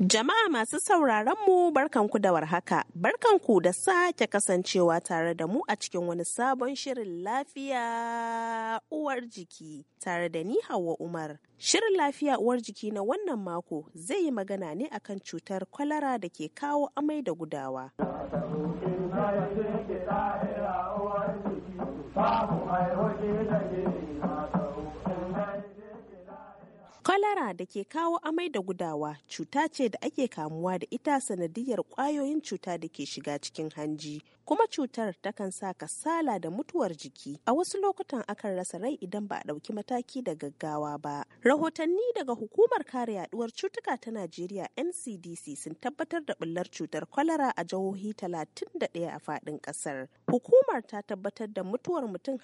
Jama'a masu sauraron mu barkanku da warhaka, barkanku da sake kasancewa tare da mu a cikin wani sabon shirin lafiya uwar jiki tare da ni Hauwa Umar. Shirin lafiya uwar jiki na wannan mako zai yi magana ne akan cutar kwalara da ke kawo amai da gudawa. Babu mai da ke Kwalara da ke kawo amai da gudawa cuta ce da ake kamuwa da ita sanadiyar ƙwayoyin cuta da ke shiga cikin hanji kuma cutar takan sa kasala da mutuwar jiki a wasu lokutan akan rasa rai idan ba a ɗauki mataki da gaggawa ba rahotanni daga hukumar kare yaduwar cutuka ta najeriya ncdc sun tabbatar da bullar cutar kwalara a jihohi 31 a faɗin ƙasar hukumar ta tabbatar da mutuwar mutum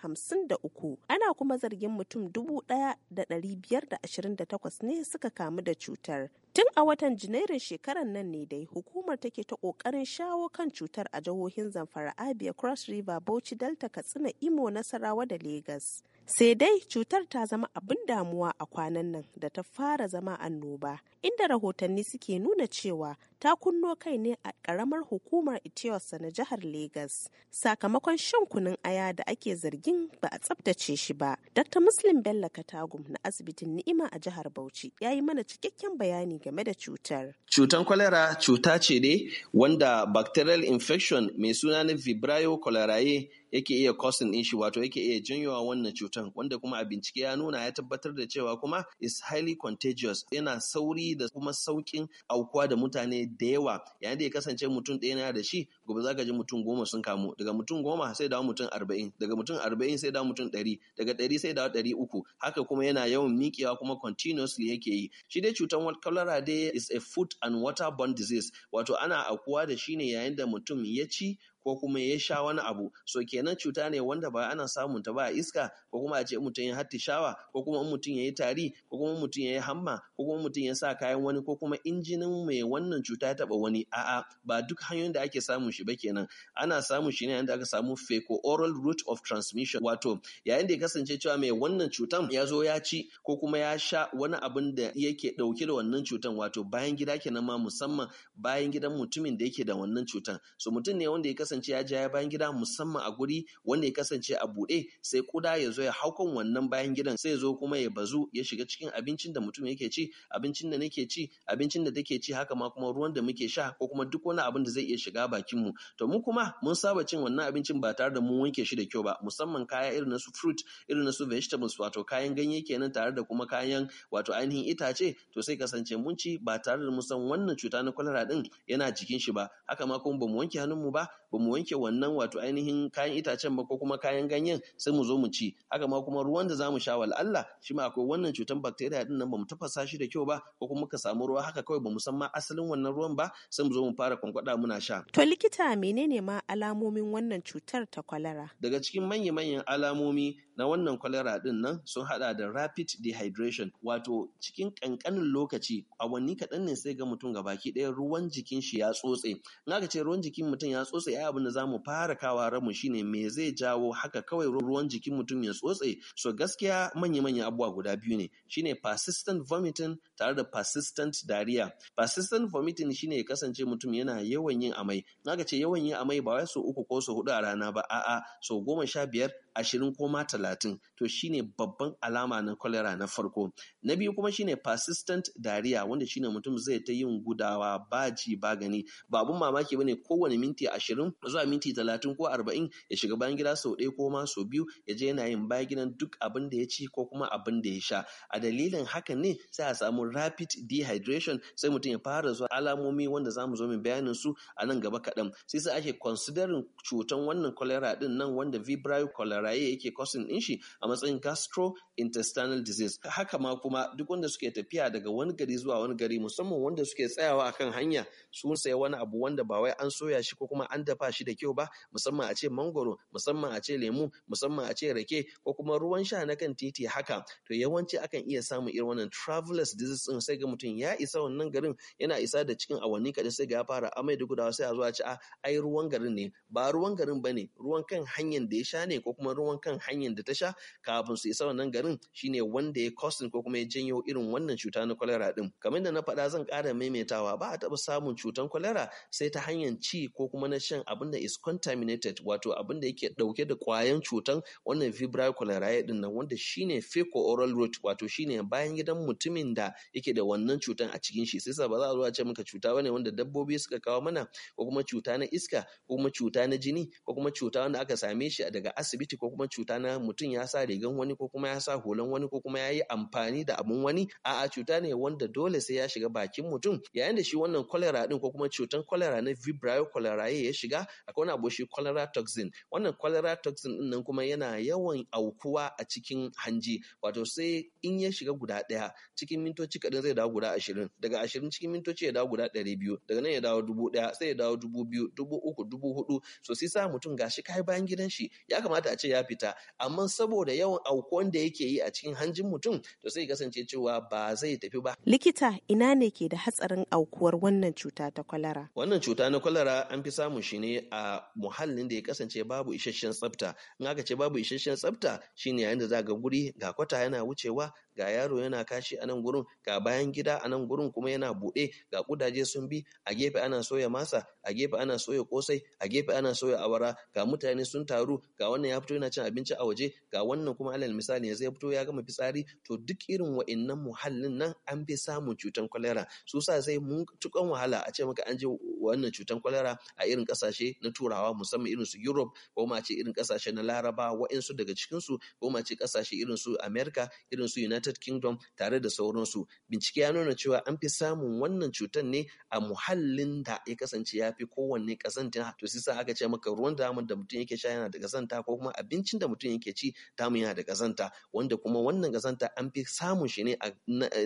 uku. ana kuma zargin mutum dubu da biyar 1528 ne suka kamu da cutar Tun a watan Janairun shekarar nan ne dai hukumar take ta kokarin shawo kan cutar a jihohin Zamfara Abia Cross River Bauchi Delta Katsina Imo Nasarawa da Legas. Sai dai cutar ta zama abin damuwa a kwanan nan da ta fara zama annoba, inda rahotanni suke nuna cewa ta kunno kai ne a ƙaramar hukumar Itiyosa na jihar Legas. Sakamakon shan kunun aya da ake zargin ba a tsabtace shi ba. Dr. Muslim Bello Katagum na asibitin Ni'ima a jihar Bauchi ya yi mana cikakken bayani game da cutar. cutar kwalera cuta ce ne wanda bacterial infection mai suna na Vibrio cholerae yake iya causing shi wato yake iya janyowa wannan cutar. cutar wanda kuma a bincike ya nuna ya tabbatar da cewa kuma is highly contagious yana sauri da kuma saukin aukuwa da mutane da yawa yayin da ya kasance mutum ɗaya na da shi gobe zaka ji mutum goma sun kamu daga mutum goma sai dawo mutum arba'in daga mutum arba'in sai dawo mutum ɗari daga ɗari sai dawo ɗari uku haka kuma yana yawan miƙewa kuma continuously yake yi shi dai cutar cholera dai is a food and water borne disease wato ana aukuwa da shi ne yayin da mutum ya ci ko kuma ya sha wani abu so kenan cuta ne wanda ba ana samun ta ba a iska ko kuma a ce mutum ya hatti shawa ko kuma mutum ya yi tari ko kuma mutum ya yi hamma ko kuma mutum ya sa kayan wani ko kuma injinin mai wannan cuta ya taba wani a'a ba duk hanyoyin da ake samun shi ba kenan ana samun shi ne yanda aka samu feco oral route of transmission wato yayin da ya kasance cewa mai wannan cutan ya zo ya ci ko kuma ya sha wani abin da yake dauke da wannan cutan wato bayan gida kenan ma musamman bayan gidan mutumin da yake da wannan cutan so mutum ne wanda ya kasance kasance ya ja bayan gida musamman a guri wanda ya kasance a buɗe sai kuda ya zo ya haukan wannan bayan gidan sai ya zo kuma ya bazu ya shiga cikin abincin da mutum yake ci abincin da nake ci abincin da take ci haka ma kuma ruwan da muke sha ko kuma duk wani abin da zai iya shiga bakin mu to mu kuma mun saba cin wannan abincin ba tare da mun wanke shi da kyau ba musamman kaya irin na su fruit irin na su vegetables wato kayan ganye kenan tare da kuma kayan wato ainihin itace to sai kasance mun ci ba tare da mun san wannan cuta na kwalara din yana jikin shi ba haka ma kuma bamu wanke hannun mu ba bamu mu wanke wannan wato ainihin kayan itacen ba ko kuma kayan ganyen sai mu zo mu ci haka ma kuma ruwan da za mu sha wal Allah shi ma akwai wannan cutar bacteria din nan ba mu tafasa shi da kyau ba ko kuma muka samu ruwa haka kawai ba mu san ma asalin wannan ruwan ba sai mu zo mu fara kwankwada muna sha. To likita menene ma alamomin wannan cutar ta kwalara? Daga cikin manya-manyan alamomi na wannan kwalera din nan sun hada da rapid dehydration wato cikin kankanin lokaci awanni kaɗan ne sai ga mutum ga baki ɗaya ruwan jikin shi ya tsotse in aka ce ruwan jikin mutum ya tsotse ai abin da za mu fara kawa ramu shine me zai jawo haka kawai ruwan jikin mutum ya tsotse so gaskiya manya-manya abubuwa guda biyu ne shine persistent vomiting tare da persistent diarrhea persistent vomiting shine ya kasance mutum yana yawan yin amai in aka ce yawan yin amai ba wai so uku ko so hudu a rana ba a'a so goma sha biyar ashirin ko ma talatin talatin to shine babban alama na cholera na farko na biyu kuma shine persistent diarrhea wanda shine mutum zai ta yin gudawa ba ji ba gani ba abun mamaki bane kowane minti ashirin zuwa minti talatin ko arba'in ya shiga bayan gida sau ɗaya ko ma sau biyu ya je yana yin bayan gidan duk abin da ya ci ko kuma abin da ya sha a dalilin haka ne sai a samu rapid dehydration sai mutum ya fara zuwa alamomi wanda zamu zo mu bayanin su a nan gaba kaɗan sai sai ake considering cutan wannan cholera din nan wanda vibrio cholerae yake causing ɗin shi a matsayin gastrointestinal disease haka ma kuma duk wanda suke tafiya daga wani gari zuwa wani gari musamman wanda suke tsayawa akan hanya sun sayi wani abu wanda ba wai an soya shi ko kuma an dafa shi da kyau ba musamman a ce mangoro musamman a ce lemu musamman a ce rake ko kuma ruwan sha na kan titi haka to yawanci akan iya samun irin wannan travelers disease din sai ga mutum ya isa wannan garin yana isa da cikin awanni kaɗan sai ga ya fara amai da gudawa sai a zo a ce ah, ai ruwan garin ne ba ruwan garin bane ruwan kan hanyar da ya sha ne ko kuma ruwan kan hanyar da ta sha kafin su isa wannan garin shine wanda ya kosin ko kuma ya janyo irin wannan cuta na kwalera din kamar da na faɗa zan ƙara maimaitawa ba a taɓa samun cutan kwalera sai ta hanyar ci ko kuma na shan abin da is contaminated wato abin da yake ɗauke da ƙwayan cutan wannan febrile cholerae din nan wanda shine fecal oral route wato shine bayan gidan mutumin da yake da wannan cutan a cikin shi sai sa ba za a zo a ce maka cuta bane wanda dabbobi suka kawo mana ko kuma cuta na iska ko kuma cuta na jini ko kuma cuta wanda aka same shi daga asibiti ko kuma cuta na mutum mutum ya sa rigan wani ko kuma ya sa hulan wani ko kuma ya yi amfani da abun wani a'a cuta ne wanda dole sai ya shiga bakin mutum yayin da shi wannan cholera din ko kuma cutan cholera na vibrio cholerae ya shiga akwai wani abu shi cholera toxin wannan cholera toxin din nan kuma yana yawan aukuwa a cikin hanji wato sai in ya shiga guda ɗaya cikin mintoci kaɗan zai dawo guda ashirin daga ashirin cikin mintoci ya dawo guda ɗari biyu daga nan ya dawo dubu ɗaya sai ya dawo dubu biyu dubu uku dubu hudu so sai sa mutum gashi kai bayan gidan shi ya kamata a ce ya fita amma musamman saboda yawan aukuwan da yake yi a cikin hanjin mutum to sai kasance cewa ba zai tafi ba. Likita ina ne ke da hatsarin aukuwar wannan cuta ta kwalara? Wannan cuta na kwalara an fi samun shi ne a muhallin da ya kasance babu isasshen tsafta. In aka ce babu isasshen tsafta shine yayin da za ga guri ga kwata yana wucewa ga yaro yana kashi a nan gurin ga bayan gida a nan gurin kuma yana buɗe ga kudaje sun bi a gefe ana soya masa a gefe ana soya kosai a gefe ana soya awara ga mutane sun taru ga wannan ya fito yana cin abinci a waje ga wannan kuma alal misali yanzu ya fito ya gama fitsari to duk irin wa'innan muhallin nan an fi samun cutan kwalera su sa sai mun tukan wahala a ce maka an je wannan cutan kwalera a irin kasashe na turawa musamman irin su Europe ko ma ce irin kasashe na Laraba wa'insu daga cikin su ko ma ce kasashe irin su America irin su United United Kingdom tare da sauransu. Bincike ya nuna cewa an fi samun wannan cutar ne a muhallin da ya kasance ya fi kowanne kazanta to sisa aka ce maka ruwan da da mutum yake sha yana da kasanta ko kuma abincin da mutum yake ci tamu yana da kazanta wanda kuma wannan kazanta an fi samun shi ne a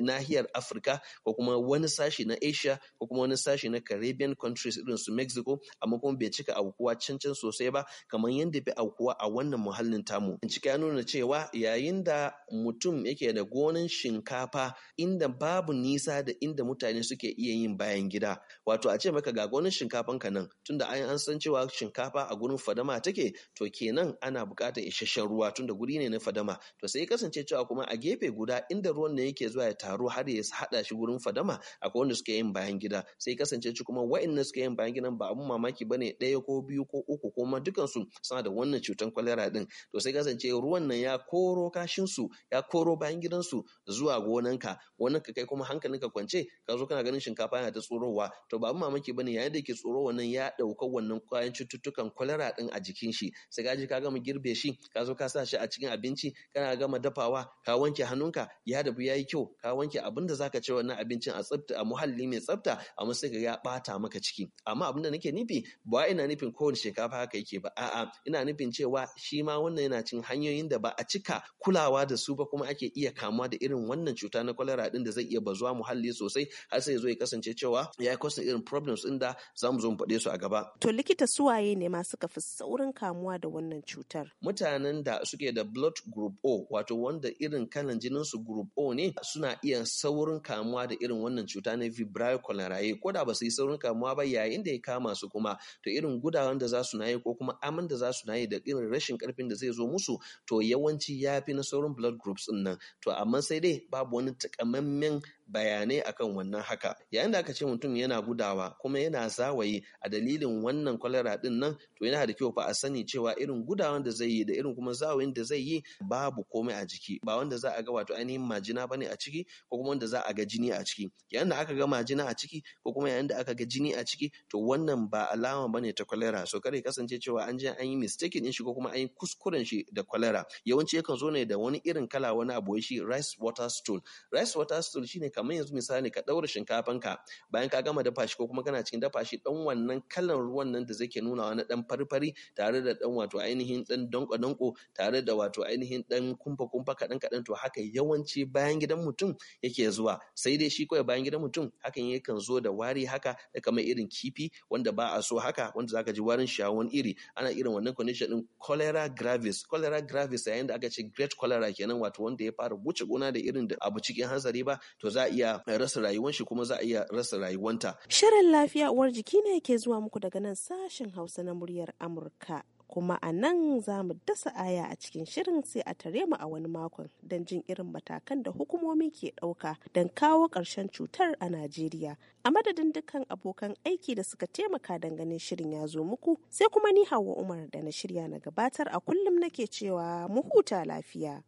nahiyar Afirka ko kuma wani sashi na Asia ko kuma wani sashi na Caribbean countries irin su Mexico amma kuma bai cika aukuwa cancan sosai ba kamar yadda bai aukuwa a wannan muhallin tamu. Bincike ya nuna cewa yayin da mutum yake da gonan shinkafa inda babu nisa da inda mutane suke iya yin bayan gida wato a ce maka ga gonan shinkafan ka nan tunda an an san cewa shinkafa a gurin fadama take to kenan ana buƙatar isasshen ruwa tunda guri ne na fadama to sai kasance cewa kuma a gefe guda inda ruwan ne yake zuwa ya taru har ya hada shi gurin fadama akwai wanda suke yin bayan gida sai kasance cewa kuma wa'annan suke yin bayan gidan ba abun mamaki bane ɗaya ko biyu ko uku ko ma dukansu suna da wannan cutar kwalera din to sai kasance ruwan nan ya koro kashin su ya koro bayan gidan su zuwa gonanka ka kai kuma hankalinka kwance ka zo kana ganin shinkafa yana ta tsorowa to ba mamaki bane yayin da yake tsoro wannan ya dauka wannan kwayan cututtukan kwalara din a jikin shi sai ka je ka gama girbe shi ka zo ka sa shi a cikin abinci kana gama dafawa ka wanke hannunka ya dabu yayi kyau ka wanke abin da zaka ci wannan abincin a tsafta a muhalli mai tsafta amma sai ka ya bata maka ciki amma abin da nake nufi ba ina nufin kowane shinkafa haka yake ba a'a ina nufin cewa shi ma wannan yana cin hanyoyin da ba a cika kulawa da su ba kuma ake iya kama kamuwa da irin wannan cuta na kwalara din da zai iya bazuwa muhalli sosai har sai ya zo ya kasance cewa ya kosa irin problems din da za mu zo mu faɗe su a gaba. To likita suwaye ne masu fi saurin kamuwa da wannan cutar? Mutanen da suke da blood group O wato wanda irin kalan jinin su group O ne suna iya saurin kamuwa da irin wannan cuta na vibrio cholerae ko da ba su yi saurin kamuwa ba yayin da ya kama su kuma to irin gudawan da za su na yi ko kuma amin da za su na yi da irin rashin karfin da zai zo musu to yawanci ya fi na saurin blood groups din nan to amma sai dai babu wani takamammen bayanai akan wannan haka yayin da aka ce mutum yana gudawa kuma yana zawaye a dalilin wannan kwalara din nan to yana da kyau fa a sani cewa irin gudawan da zai yi da irin kuma zawayin da zai yi babu komai a jiki ba wanda za a ga wato ainihin majina bane a ciki ko kuma wanda za a ga jini a ciki yayin da aka ga majina a ciki ko kuma yayin da aka ga jini a ciki to wannan ba alama bane ta kwalara so kare kasance cewa an je an yi mistake din shi ko kuma an yi kuskuren shi da kwalara yawanci yakan zo ne da wani irin kala wani abu shi rice water stool rice water stool shine kamar yanzu misali ka ɗaura shinkafan ka bayan ka gama dafa shi ko kuma kana cikin dafa shi dan wannan kalan ruwan nan da zai ke nunawa na dan farfari tare da dan wato ainihin dan danko danko tare da wato ainihin dan kumfa kumfa kaɗan kaɗan to haka yawanci bayan gidan mutum yake zuwa sai dai shi kawai bayan gidan mutum hakan yakan zo da wari haka da kamar irin kifi wanda ba a so haka wanda zaka ji warin shawon iri ana irin wannan condition din cholera gravis cholera gravis yayin da aka ce great cholera kenan wato wanda ya fara wuce gona da irin da abu cikin hanzari ba to za iya rasa rayuwar shi kuma za a iya rasa rayuwanta. Shirin lafiya uwar jiki ne ke zuwa muku daga nan sashen Hausa na muryar Amurka kuma a nan za mu dasa aya a cikin shirin sai a tare mu a wani makon don jin irin matakan da hukumomi ke ɗauka don kawo ƙarshen cutar a Najeriya. A madadin dukkan abokan aiki da suka taimaka don ganin shirin ya zo muku sai kuma ni Hauwa Umar da na shirya na gabatar a kullum nake cewa mu huta lafiya.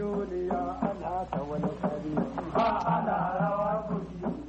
duniya ana ta wani rawa